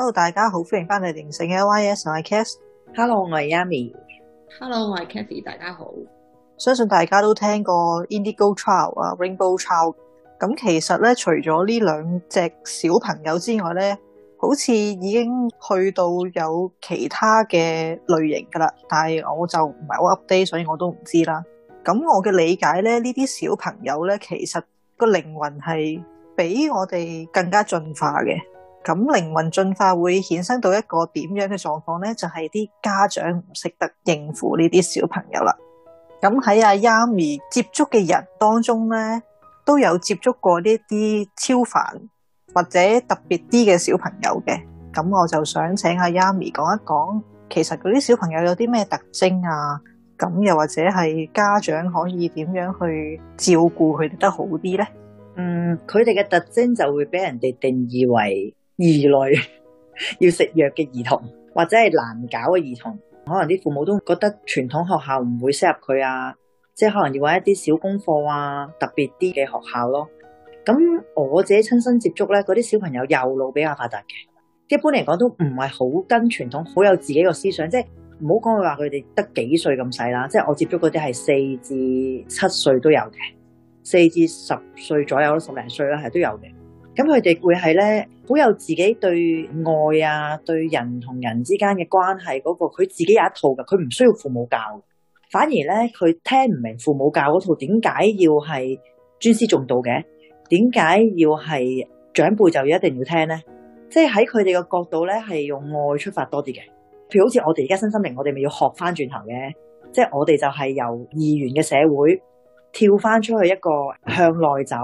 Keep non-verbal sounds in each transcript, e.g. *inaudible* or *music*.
hello，大家好，歡迎翻嚟靈性 LYS，同埋 Cass。Hello，我係 Yamy。Hello，我係 Kathy。大家好，相信大家都聽過 Indigo Child 啊，Rainbow Child。咁、嗯、其實咧，除咗呢兩隻小朋友之外咧，好似已經去到有其他嘅類型噶啦。但係我就唔係好 update，所以我都唔知啦。咁、嗯、我嘅理解咧，呢啲小朋友咧，其實個靈魂係比我哋更加進化嘅。咁靈魂進化會衍生到一個點樣嘅狀況呢？就係啲家長唔識得應付呢啲小朋友啦。咁喺阿 Yami 接觸嘅人當中呢，都有接觸過呢啲超凡或者特別啲嘅小朋友嘅。咁我就想請阿 Yami 講一講，其實嗰啲小朋友有啲咩特徵啊？咁又或者係家長可以點樣去照顧佢哋得好啲呢？嗯，佢哋嘅特徵就會俾人哋定義為～二兒類 *laughs* 要食藥嘅兒童，或者係難搞嘅兒童，可能啲父母都覺得傳統學校唔會適合佢啊，即係可能要揾一啲小功課啊，特別啲嘅學校咯。咁我自己親身接觸呢，嗰啲小朋友右腦比較發達嘅，一般嚟講都唔係好跟傳統，好有自己嘅思想。即係唔好講佢話佢哋得幾歲咁細啦，即係我接觸嗰啲係四至七歲都有嘅，四至十歲左右，十零歲啦係都有嘅。咁佢哋會係咧，好有自己對愛啊，對人同人之間嘅關係嗰、那個，佢自己有一套嘅，佢唔需要父母教，反而咧佢聽唔明父母教嗰套點解要係尊師重道嘅，點解要係長輩就一定要聽呢？即係喺佢哋嘅角度咧，係用愛出發多啲嘅。譬如好似我哋而家身心靈，我哋咪要學翻轉頭嘅，即、就、係、是、我哋就係由二元嘅社會跳翻出去一個向內走，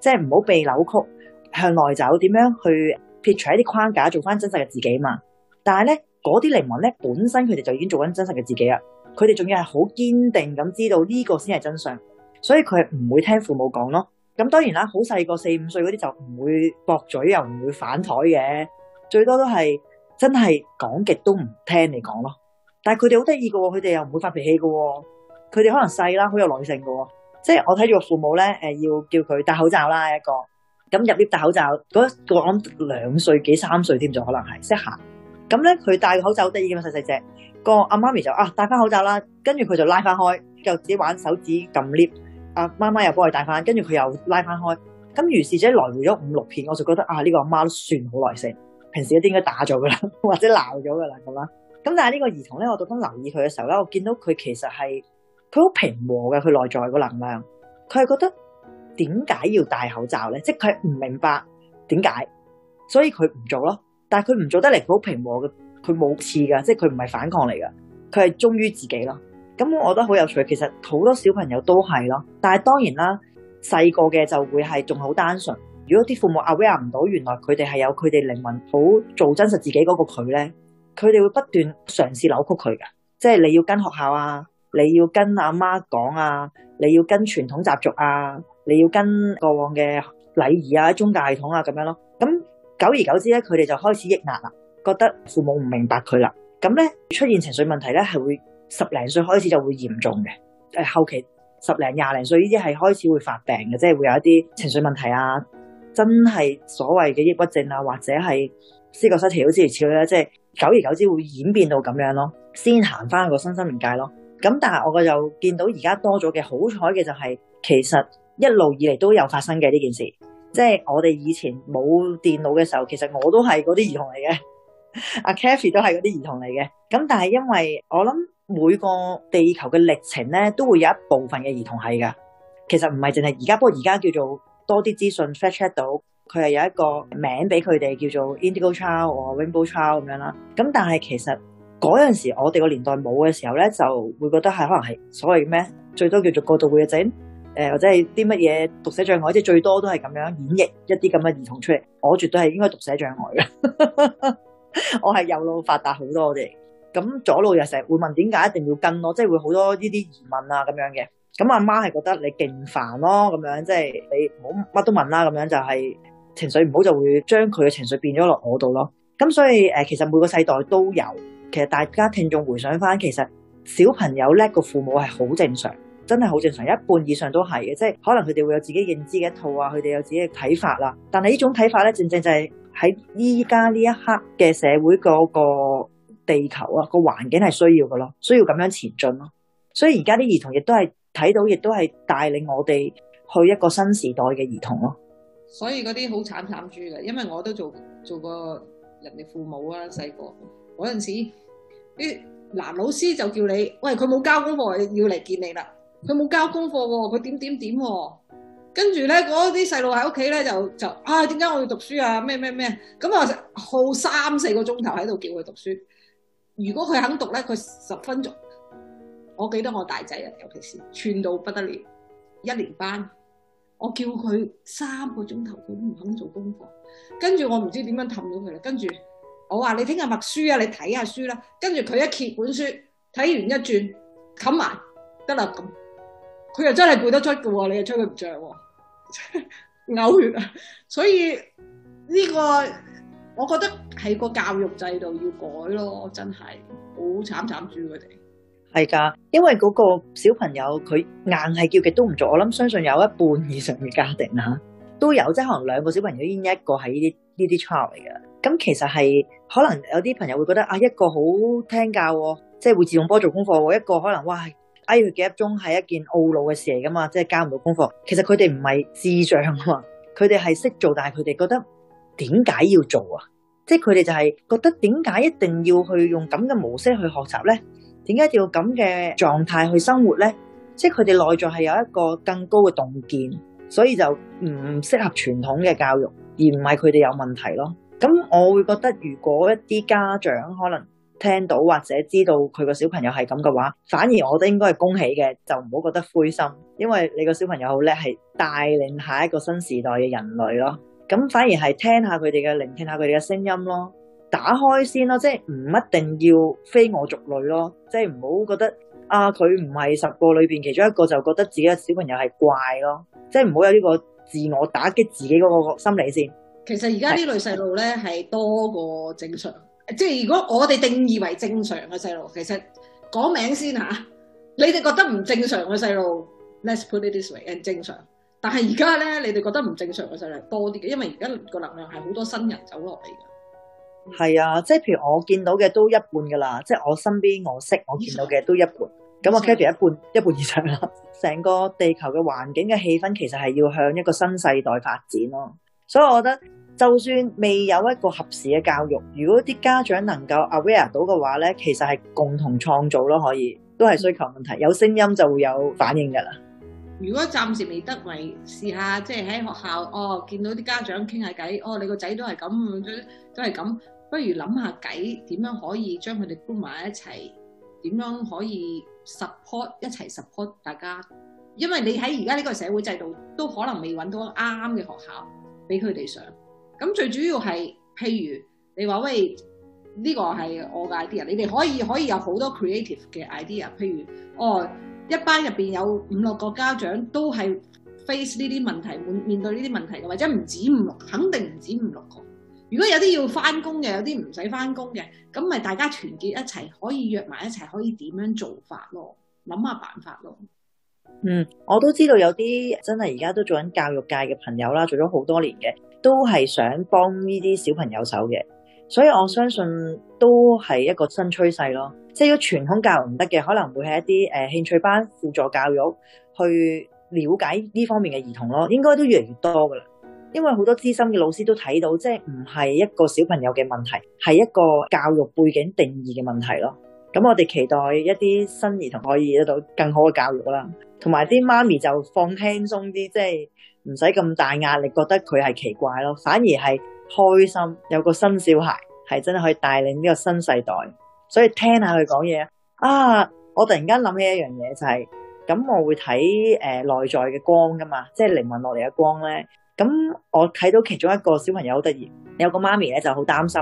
即係唔好被扭曲。向內走，點樣去撇除一啲框架，做翻真實嘅自己嘛？但係咧，嗰啲靈魂咧本身佢哋就已經做緊真實嘅自己啦。佢哋仲要係好堅定咁知道呢個先係真相，所以佢係唔會聽父母講咯。咁、嗯、當然啦，好細個四五歲嗰啲就唔會駁嘴，又唔會反台嘅，最多都係真係講極都唔聽你講咯。但係佢哋好得意嘅喎，佢哋又唔會發脾氣嘅喎、哦。佢哋可能細啦，好有耐性嘅喎、哦。即係我睇住個父母咧，誒要叫佢戴口罩啦一個。咁入 lift 戴口罩，個我諗兩歲幾三歲添就可能係識行。咁咧佢戴個口罩好得意嘅嘛，細細隻。個阿媽咪就啊戴翻口罩啦，跟住佢就拉翻開，就自己玩手指撳 lift。阿媽媽又幫佢戴翻，跟住佢又拉翻開。咁如是者來回咗五六遍，我就覺得啊，呢個阿媽都算好耐性。平時一定應該打咗噶啦，或者鬧咗噶啦咁啦。咁但係呢個兒童咧，我特登留意佢嘅時候咧，我見到佢其實係佢好平和嘅，佢內在個能量，佢係覺得。點解要戴口罩咧？即係佢唔明白點解，所以佢唔做咯。但係佢唔做得嚟，佢好平和嘅，佢冇刺噶，即係佢唔係反抗嚟噶，佢係忠於自己咯。咁我覺得好有趣，其實好多小朋友都係咯。但係當然啦，細個嘅就會係仲好單純。如果啲父母 aware 唔到原來佢哋係有佢哋靈魂好做真實自己嗰個佢咧，佢哋會不斷嘗試扭曲佢㗎。即係你要跟學校啊，你要跟阿媽講啊，你要跟傳統習俗啊。你要跟過往嘅禮儀啊、中介系統啊咁樣咯，咁久而久之咧，佢哋就開始抑壓啦，覺得父母唔明白佢啦。咁咧出現情緒問題咧，係會十零歲開始就會嚴重嘅。誒、呃、後期十零廿零歲呢啲係開始會發病嘅，即係會有一啲情緒問題啊，真係所謂嘅抑鬱症啊，或者係思覺失調之如此類咧，即係久而久之會演變到咁樣咯。先行翻個身心靈界咯。咁但係我個又見到而家多咗嘅好彩嘅就係其實。一路以嚟都有發生嘅呢件事，即係我哋以前冇電腦嘅時候，其實我都係嗰啲兒童嚟嘅，阿、 *laughs* 啊、Kathy 都係嗰啲兒童嚟嘅。咁但係因為我諗每個地球嘅歷程咧，都會有一部分嘅兒童係㗎。其實唔係淨係而家，不過而家叫做多啲資訊 fetch check 到佢係有一個名俾佢哋叫做 Indigo Child 啊、Rainbow Child 咁樣啦。咁但係其實嗰陣時我哋個年代冇嘅時候咧，就會覺得係可能係所謂咩最多叫做過度活躍症。誒，或者係啲乜嘢讀寫障礙，即係最多都係咁樣演繹一啲咁嘅兒童出嚟。我絕對係應該讀寫障礙嘅， *laughs* 我係右腦發達好多嘅。咁左腦又成日會問點解一定要跟，啊、媽媽咯，即係會好多呢啲疑問啊咁樣嘅。咁阿媽係覺得你勁煩咯，咁樣即係你冇乜都問啦，咁樣就係、是、情緒唔好就會將佢嘅情緒變咗落我度咯。咁所以誒，其實每個世代都有，其實大家聽眾回想返，其實小朋友叻過父母係好正常。真係好正常，一半以上都係嘅，即係可能佢哋會有自己認知嘅一套啊，佢哋有自己嘅睇法啦。但係呢種睇法咧，正正就係喺依家呢一刻嘅社會嗰個地球啊，個環境係需要嘅咯，需要咁樣前進咯。所以而家啲兒童亦都係睇到，亦都係帶領我哋去一個新時代嘅兒童咯。所以嗰啲好慘慘豬嘅，因為我都做做過人哋父母啊，細個嗰陣時啲男老師就叫你喂，佢冇交功課，我要嚟見你啦。佢冇交功課喎，佢點點點喎、哦，跟住咧嗰啲細路喺屋企咧就就啊，點解我要讀書啊，咩咩咩咁啊，耗三四個鐘頭喺度叫佢讀書。如果佢肯讀咧，佢十分鐘。我記得我大仔啊，尤其是串到不得了，一年班，我叫佢三個鐘頭，佢都唔肯做功課。跟住我唔知點樣氹到佢啦。跟住我話你聽日默書啊，你睇下書啦、啊。跟住佢一揭本書，睇完一轉，冚埋得啦咁。佢又真係背得出嘅喎，你又催佢唔着喎，嘔血啊！ *laughs* 所以呢、呢個我覺得係個教育制度要改咯，真係好慘慘住佢哋。係噶，因為嗰個小朋友佢硬係叫極都唔做。我諗相信有一半以上嘅家庭嚇、啊、都有，即係可能兩個小朋友已經一個係呢啲呢啲 child 嚟嘅。咁其實係可能有啲朋友會覺得啊，一個好聽教、喎，即係會自動波做功課喎，一個可能哇喺佢幾粒鐘係一件懊惱嘅事嚟噶嘛，即係交唔到功課。其實佢哋唔係智障啊，佢哋係識做，但係佢哋覺得點解要做啊？即係佢哋就係覺得點解一定要去用咁嘅模式去學習咧？點解要咁嘅狀態去生活咧？即係佢哋內在係有一個更高嘅洞見，所以就唔適合傳統嘅教育，而唔係佢哋有問題咯。咁我會覺得，如果一啲家長可能，聽到或者知道佢個小朋友係咁嘅話，反而我覺得應該係恭喜嘅，就唔好覺得灰心，因為你個小朋友好叻，係帶領下一個新時代嘅人類咯。咁反而係聽下佢哋嘅，聆聽下佢哋嘅聲音咯，打開先咯，即係唔一定要非我族類咯，即係唔好覺得啊，佢唔係十個裏邊其中一個就覺得自己嘅小朋友係怪咯，即係唔好有呢個自我打擊自己嗰個心理先。其實而家啲女細路咧，係多過正常。即係如果我哋定義為正常嘅細路，其實講名先嚇，你哋覺得唔正常嘅細路，let's put it this way，正常。但係而家咧，你哋覺得唔正常嘅細路多啲嘅，因為而家個能量係好多新人走落嚟㗎。係啊，即係譬如我見到嘅都一半㗎啦，即係我身邊我識我見到嘅都一半，咁錯我 carry 一半，錯一半，一半以上啦。成個地球嘅環境嘅氣氛其實係要向一個新世代發展咯，所以我覺得。就算未有一個合時嘅教育，如果啲家長能夠 aware 到嘅話咧，其實係共同創造咯。可以都係需求問題，有聲音就會有反應㗎啦。如果暫時未得，咪試下即係喺學校哦，見到啲家長傾下偈哦，你個仔都係咁，都都係咁，不如諗下偈點樣可以將佢哋 group 埋一齊，點樣可以 support 一齊 support 大家，因為你喺而家呢個社會制度都可能未揾到啱啱嘅學校俾佢哋上。咁最主要係，譬如你話喂呢個係我嘅 idea，你哋可以可以有好多 creative 嘅 idea。譬如哦，一班入邊有五六個家長都係 face 呢啲問題，會面對呢啲問題嘅，或者唔止五六，肯定唔止五六個。如果有啲要翻工嘅，有啲唔使翻工嘅，咁咪大家團結一齊，可以約埋一齊，可以點樣做法咯，諗下辦法咯。嗯，我都知道有啲真係而家都做緊教育界嘅朋友啦，做咗好多年嘅，都係想幫呢啲小朋友手嘅，所以我相信都係一個新趨勢咯。即係如果傳統教育唔得嘅，可能會係一啲誒、呃、興趣班輔助教育去了解呢方面嘅兒童咯，應該都越嚟越多噶啦。因為好多資深嘅老師都睇到，即係唔係一個小朋友嘅問題，係一個教育背景定義嘅問題咯。咁我哋期待一啲新兒童可以得到更好嘅教育啦，同埋啲媽咪就放輕鬆啲，即係唔使咁大壓力，覺得佢係奇怪咯，反而係開心有個新小孩，係真係可以帶領呢個新世代。所以聽下佢講嘢啊，啊，我突然間諗起一樣嘢就係，咁我會睇誒內在嘅光噶嘛，即係靈魂落嚟嘅光咧。咁我睇到其中一個小朋友好得意，有個媽咪咧就好擔心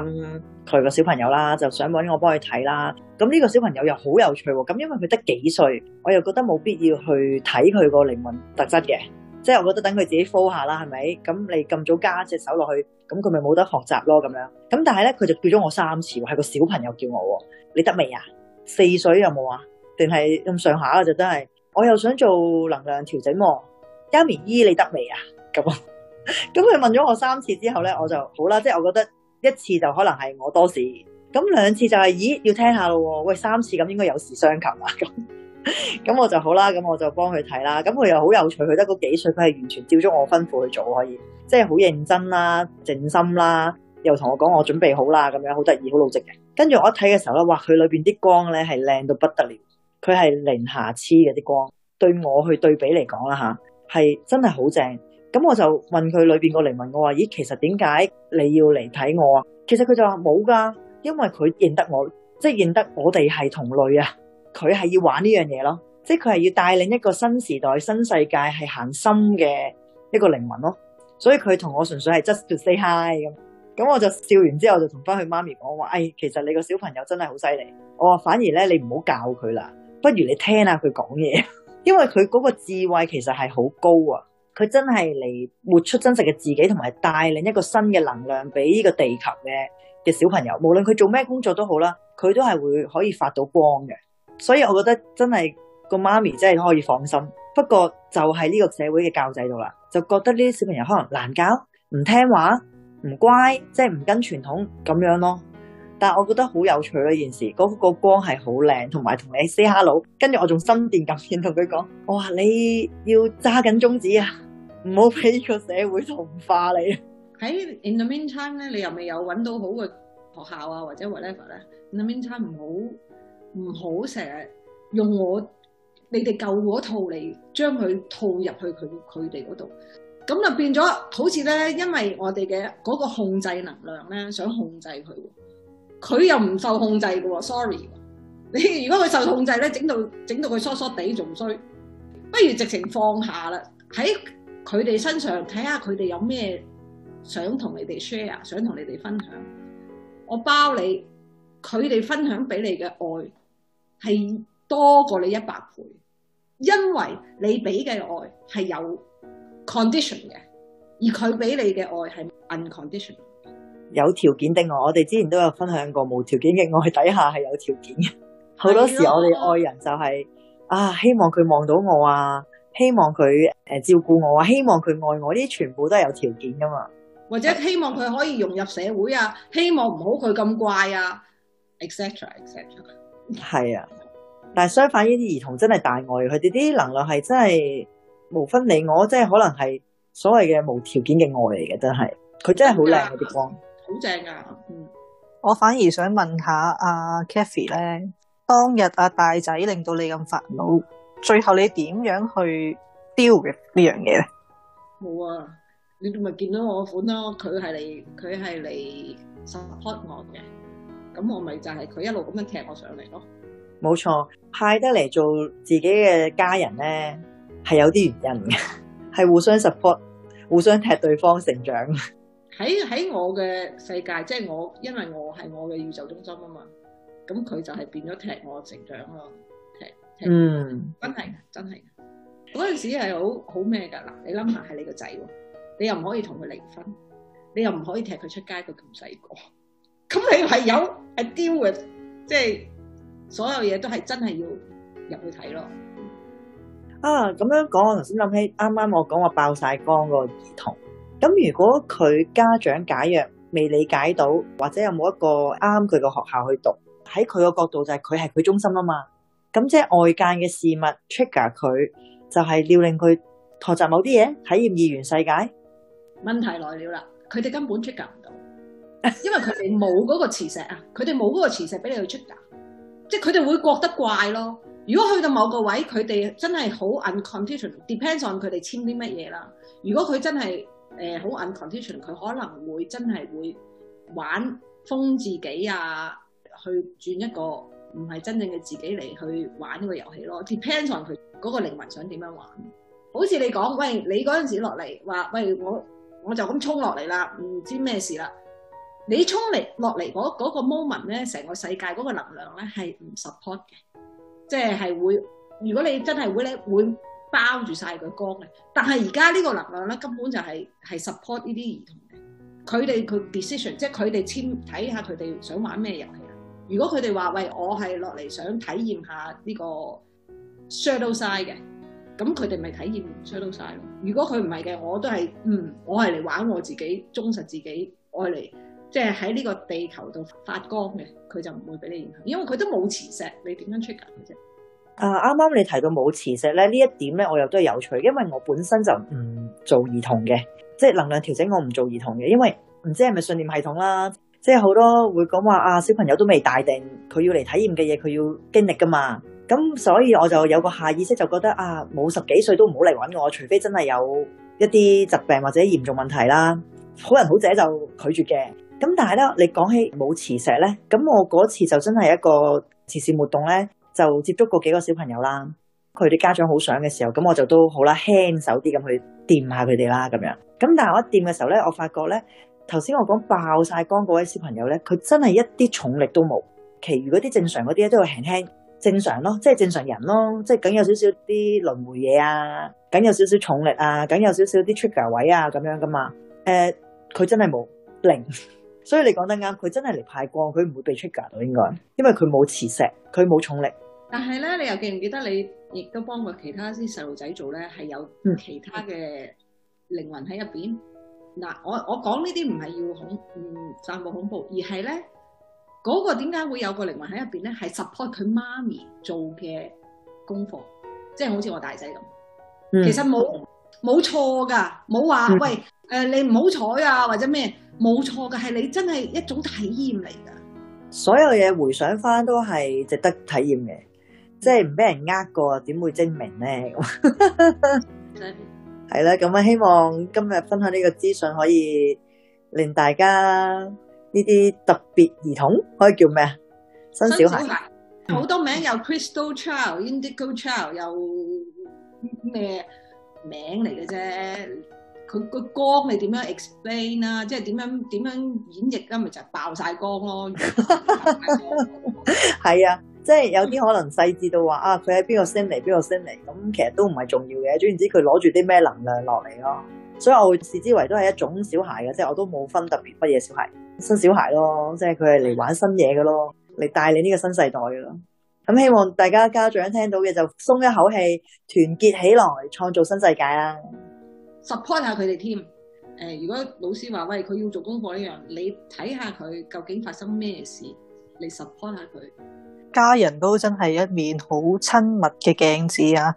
佢個小朋友啦，就想揾我幫佢睇啦。咁呢個小朋友又好有趣喎。咁因為佢得幾歲，我又覺得冇必要去睇佢個靈魂特質嘅，即係我覺得等佢自己 follow 下啦，係咪？咁你咁早加隻手落去，咁佢咪冇得學習咯咁樣。咁但係呢，佢就叫咗我三次喎，係個小朋友叫我喎。你得未啊？四歲有冇啊？定係咁上下啊就真係。我又想做能量調整喎，Yami 姨你得未啊？咁 *laughs* 咁佢問咗我三次之後咧，我就好啦，即係我覺得一次就可能係我多事，咁兩次就係、是，咦，要聽下咯喎，喂，三次咁應該有事相求啊，咁，咁 *laughs* 我就好啦，咁我就幫佢睇啦，咁佢又好有趣，佢得嗰幾歲，佢係完全照足我吩咐去做，可以，即係好認真啦，靜心啦，又同我講我準備好啦，咁樣好得意，好老直嘅。跟住我一睇嘅時候咧，哇，佢裏邊啲光咧係靚到不得了，佢係零瑕疵嘅啲光，對我去對比嚟講啦吓，係真係好正。咁我就問佢裏邊個靈魂，我話：咦、哎，其實點解你要嚟睇我啊？其實佢就話冇㗎，因為佢認得我，即係認得我哋係同類啊。佢係要玩呢樣嘢咯，即係佢係要帶領一個新時代、新世界係行深嘅一個靈魂咯。所以佢同我純粹係 just to say hi 咁。咁我就笑完之後就同翻佢媽咪講話：哎，其實你個小朋友真係好犀利。我話反而咧，你唔好教佢啦，不如你聽下佢講嘢，因為佢嗰個智慧其實係好高啊。佢真係嚟活出真實嘅自己，同埋帶領一個新嘅能量俾呢個地球嘅嘅小朋友。無論佢做咩工作都好啦，佢都係會可以發到光嘅。所以，我覺得真係個媽咪真係可以放心。不過，就係呢個社會嘅教制度啦，就覺得呢啲小朋友可能難教，唔聽話，唔乖，即係唔跟傳統咁樣咯。但係，我覺得好有趣嗰、啊、件事，嗰、嗰個光係好靚，同埋同你 say hello，跟住我仲心電感應同佢講：我話你要揸緊中指啊！唔好俾個社會同化你。喺 in the meantime 咧，你又未有揾到好嘅學校啊，或者 whatever 咧。In the meantime 唔好唔好成日用我你哋舊嗰套嚟將佢套入去佢佢哋嗰度，咁就變咗好似咧，因為我哋嘅嗰個控制能量咧，想控制佢，佢又唔受控制嘅喎。Sorry，你 *laughs* 如果佢受控制咧，整到整到佢疏疏地仲衰，不如直情放下啦。喺佢哋身上睇下佢哋有咩想同你哋 share，想同你哋分享，我包你。佢哋分享俾你嘅愛係多過你一百倍，因為你俾嘅愛係有 condition 嘅，而佢俾你嘅愛係 u n c o n d i t i o n a 有條件嘅愛，我哋之前都有分享過，無條件嘅愛底下係有條件嘅。好 *laughs* 多時我哋愛人就係、是、的啊，希望佢望到我啊。希望佢誒照顧我啊，希望佢愛我，呢啲全部都係有條件㗎嘛，或者希望佢可以融入社會啊，希望唔好佢咁怪啊，etc etc。係啊，但係相反呢啲兒童真係大愛，佢哋啲能量係真係無分你我，即係可能係所謂嘅無條件嘅愛嚟嘅，真係佢真係好靚嗰啲光，好正啊，啊。嗯，我反而想問下阿 Kathy、啊、咧，當日阿、啊、大仔令到你咁煩惱。嗯最後你點樣去丟嘅呢樣嘢咧？冇啊，你咪見到我款咯，佢係嚟佢係嚟 support 我嘅，咁我咪就係佢一路咁樣踢我上嚟咯。冇錯，派得嚟做自己嘅家人咧，係有啲原因嘅，係互相 support，互相踢對方成長。喺喺我嘅世界，即係我，因為我係我嘅宇宙中心啊嘛，咁佢就係變咗踢我成長咯。嗯，真係，真係，嗰陣時係好好咩噶，嗱，你諗下係你個仔，你又唔可以同佢離婚，你又唔可以踢佢出街，佢咁細個，咁你係有 deal 嘅，即係所有嘢都係真係要入去睇咯。啊，咁樣講，我頭先諗起啱啱我講話爆晒光個兒童，咁如果佢家長解約未理解到，或者有冇一個啱佢個學校去讀，喺佢個角度就係佢係佢中心啊嘛。咁即係外間嘅事物 trigger 佢，就係、是、要令佢學習某啲嘢，體驗二元世界。問題來了啦，佢哋根本 trigger 唔到，因為佢哋冇嗰個磁石啊，佢哋冇嗰個磁石俾你去 trigger，即係佢哋會覺得怪咯。如果去到某個位，佢哋真係好 uncondition, depends on 佢哋簽啲乜嘢啦。如果佢真係誒好 uncondition，佢可能會真係會玩封自己啊，去轉一個。唔係真正嘅自己嚟去玩呢個遊戲咯，depends on 佢個靈魂想點樣玩。好似你講，喂，你陣時落嚟話，喂我我就咁衝落嚟啦，唔知咩事啦。你衝嚟落嚟個 moment 咧，成個世界個能量咧係唔 support 嘅，即係係會如果你真係會咧會包住晒佢光嘅。但係而家呢個能量咧根本就係係 support 呢啲兒童嘅，佢哋佢 decision 即係佢哋簽睇下佢哋想玩咩遊戲。如果佢哋話，喂，我係落嚟想體驗下呢個 shadow side 嘅，咁佢哋咪體驗 shadow side 咯。如果佢唔係嘅，我都係嗯，我係嚟玩我自己，忠實自己，我係嚟，即係喺呢個地球度發光嘅，佢就唔會俾你影響，因為佢都冇磁石，你點樣 check 緊啫？啊，啱啱你提到冇磁石咧，呢一點咧我又都係有趣，因為我本身就唔做兒童嘅，即係能量調整我唔做兒童嘅，因為唔知係咪信念系統啦。即係好多會講話啊，小朋友都未大定，佢要嚟體驗嘅嘢，佢要經歷噶嘛。咁所以我就有個下意識就覺得啊，冇十幾歲都唔好嚟搵我，除非真係有一啲疾病或者嚴重問題啦。好人好者就拒絕嘅。咁但係呢，你講起冇磁石呢，咁我嗰次就真係一個慈善活動呢，就接觸過幾個小朋友啦。佢哋家長好想嘅時候，咁我就都好啦輕，輕手啲咁去掂下佢哋啦，咁樣。咁但係我一掂嘅時候呢，我發覺呢。頭先我講爆晒光嗰位小朋友咧，佢真係一啲重力都冇，其餘嗰啲正常嗰啲咧，都會輕輕正常咯，即係正常人咯，即係梗有少少啲輪迴嘢啊，梗有少少重力啊，梗有少少啲 trigger 位啊咁樣噶嘛。誒、呃，佢真係冇靈， *laughs* 所以你講得啱，佢真係嚟派光，佢唔會被 trigger 到應該，因為佢冇磁石，佢冇重力。但係咧，你又記唔記得你亦都幫過其他啲細路仔做咧，係有其他嘅靈魂喺入邊？嗯嗱，我我講呢啲唔係要恐，嗯，散播恐怖，而係咧嗰個點解會有個靈魂喺入邊咧？係 support 佢媽咪做嘅功課，即係好似我大仔咁。嗯、其實冇冇錯㗎，冇話、嗯、喂，誒、呃、你唔好彩啊或者咩，冇錯㗎，係你真係一種體驗嚟㗎。所有嘢回想翻都係值得體驗嘅，即係唔俾人呃過，點會精明咧？ *laughs* *laughs* 係啦，咁啊，希望今日分享呢個資訊可以令大家呢啲特別兒童可以叫咩啊？新小孩好多名，有 Crystal Child、Indigo Child，又咩名嚟嘅啫？佢個光你點樣 explain 啊？即係點樣點樣演繹咧？咪就係爆曬光咯！係啊。即係有啲可能細緻到話啊，佢喺邊個星嚟，邊個星嚟咁，其實都唔係重要嘅。總言之，佢攞住啲咩能量落嚟咯，所以我會視之為都係一種小孩嘅，即係我都冇分特別乜嘢小孩新小孩咯，即係佢係嚟玩新嘢嘅咯，嚟帶領呢個新世代嘅咯。咁希望大家家長聽到嘅就鬆一口氣，團結起來創造新世界啦，support 下佢哋添。誒、呃，如果老師話喂，佢要做功課呢樣，你睇下佢究竟發生咩事，你 support 下佢。家人都真係一面好親密嘅鏡子啊！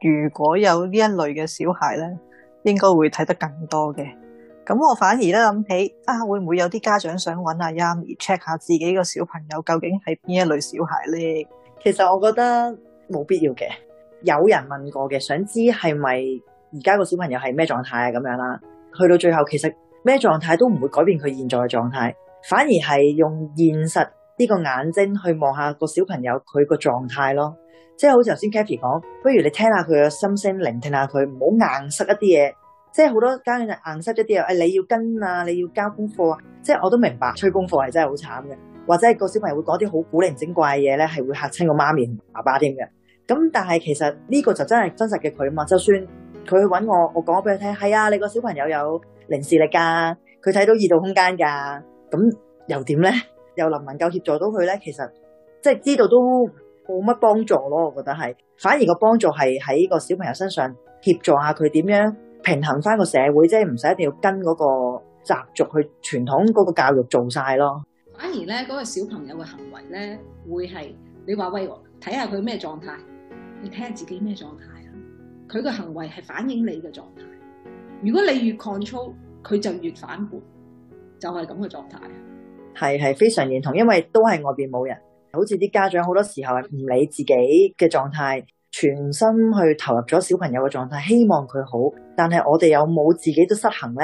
如果有呢一類嘅小孩咧，應該會睇得更多嘅。咁我反而咧，諗起啊，會唔會有啲家長想揾阿 Yami check 下自己個小朋友究竟係邊一類小孩咧？其實我覺得冇必要嘅。有人問過嘅，想知係咪而家個小朋友係咩狀態啊？咁樣啦，去到最後其實咩狀態都唔會改變佢現在嘅狀態，反而係用現實。呢個眼睛去望下個小朋友佢個狀態咯，即係好似頭先 Kathy 講，不如你聽下佢嘅心聲，聆聽下佢，唔好硬塞一啲嘢。即係好多家長硬塞一啲嘢，誒、哎、你要跟啊，你要交功課啊。即係我都明白，催功課係真係好慘嘅，或者係個小朋友會講啲好古靈精怪嘅嘢咧，係會嚇親個媽咪爸爸添嘅。咁但係其實呢個就真係真實嘅佢啊嘛，就算佢去搵我，我講俾佢聽，係、哎、啊，你個小朋友有靈視力噶，佢睇到異度空間噶，咁又點咧？又能唔能夠協助到佢咧？其實即係知道都冇乜幫助咯。我覺得係，反而個幫助係喺個小朋友身上協助下佢點樣平衡翻個社會，即係唔使一定要跟嗰個習俗、去傳統嗰個教育做晒咯。反而咧，嗰、嗰個小朋友嘅行為咧，會係你話喂，睇下佢咩狀態，你睇下自己咩狀態啊。佢嘅行為係反映你嘅狀態。如果你越 control，佢就越反叛，就係咁嘅狀態。係係非常認同，因為都係外邊冇人，好似啲家長好多時候係唔理自己嘅狀態，全心去投入咗小朋友嘅狀態，希望佢好。但係我哋有冇自己都失衡呢？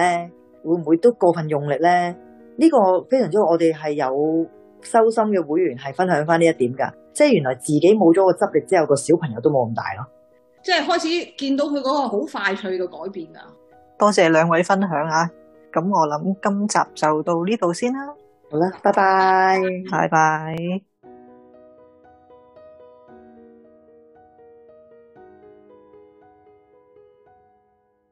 會唔會都過分用力呢？呢個非常之，我哋係有修心嘅會員係分享翻呢一點噶，即係原來自己冇咗個執力之後，個小朋友都冇咁大咯。即係開始見到佢嗰個好快脆嘅改變啊！多謝兩位分享啊！咁我諗今集就到呢度先啦。好啦，拜拜，拜拜。